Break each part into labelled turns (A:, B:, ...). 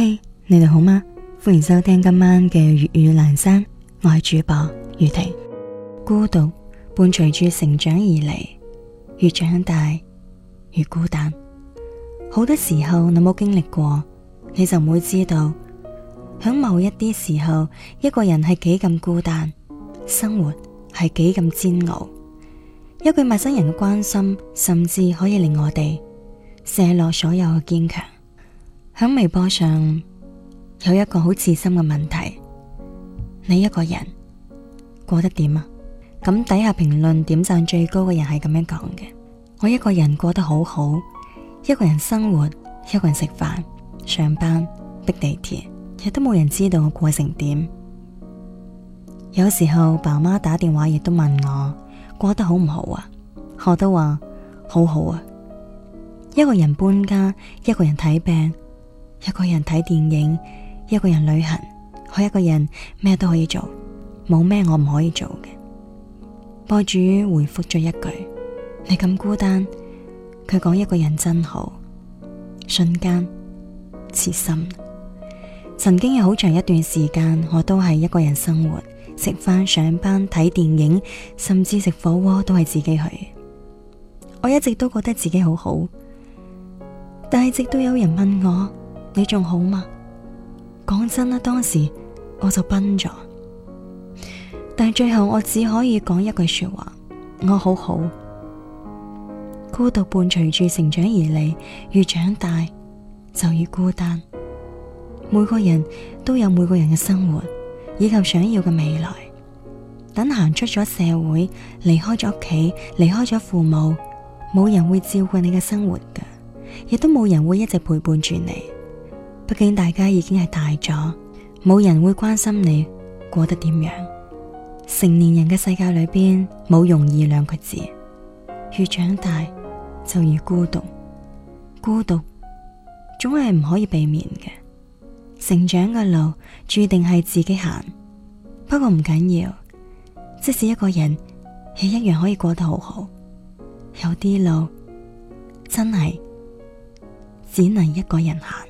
A: 嘿，hey，你哋好嗎？歡迎收聽今晚嘅粵語闌珊，我係主播雨婷。孤獨伴隨住成長而嚟，越長大越孤單。好多時候你冇經歷過，你就唔會知道，響某一啲時候，一個人係幾咁孤單，生活係幾咁煎熬。一句陌生人嘅關心，甚至可以令我哋卸落所有嘅堅強。喺微博上有一個好扎心嘅問題，你一個人過得點啊？咁底下評論點讚最高嘅人係咁樣講嘅：我一個人過得好好，一個人生活，一個人食飯、上班、逼地鐵，亦都冇人知道我過成點。有時候爸媽打電話亦都問我過得好唔好啊？我都話好好啊，一個人搬家，一個人睇病。一個人睇電影，一個人旅行，我一個人咩都可以做，冇咩我唔可以做嘅。博主回覆咗一句：你咁孤單，佢講一個人真好，瞬間刺心扎心。曾經有好長一段時間，我都係一個人生活，食飯、上班、睇電影，甚至食火鍋都係自己去。我一直都覺得自己好好，但係直到有人問我。你仲好嗎？講真啦，當時我就崩咗，但係最後我只可以講一句說話，我好好。孤獨伴隨住成長而嚟，越長大就越孤單。每個人都有每個人嘅生活，以及想要嘅未來。等行出咗社會，離開咗屋企，離開咗父母，冇人會照顧你嘅生活㗎，亦都冇人會一直陪伴住你。畢竟大家已經係大咗，冇人會關心你過得點樣。成年人嘅世界裏邊，冇容易兩個字，越長大就越孤獨。孤獨總係唔可以避免嘅。成長嘅路注定係自己行，不過唔緊要，即使一個人，亦一樣可以過得好好。有啲路真係只能一個人行。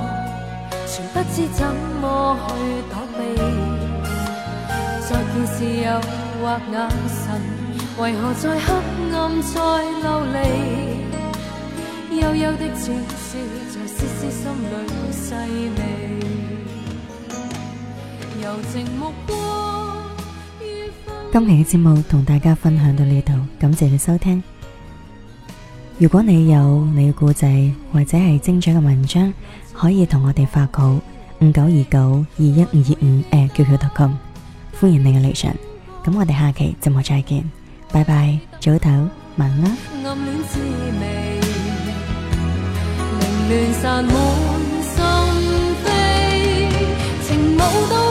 B: 全不知怎麼去躲避。再見時又或眼神，為何在黑暗再流離悠悠的情緒在思思心裏細味柔情目
A: 光，今期嘅節目同大家分享到呢度，感謝你收聽。如果你有你嘅故仔或者係精彩嘅文章，可以同我哋發稿五九二九二一五二五誒，qq.com，歡迎你嘅旅程。咁我哋下期節目再見，拜拜，早唞，晚
B: 安。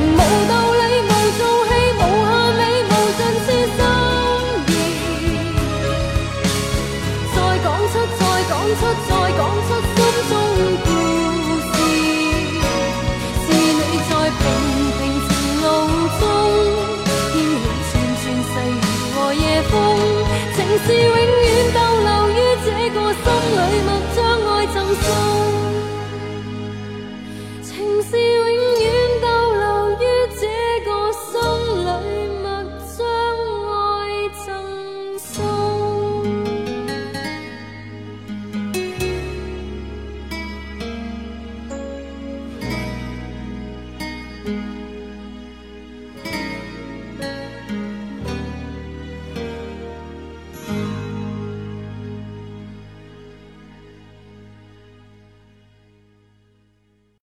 B: 無道理，無做戲，無下美，無盡痴心意。再講出，再講出，再講出心中故事。是你在平平長路中，掀起酸酸細雨和夜風，情是永。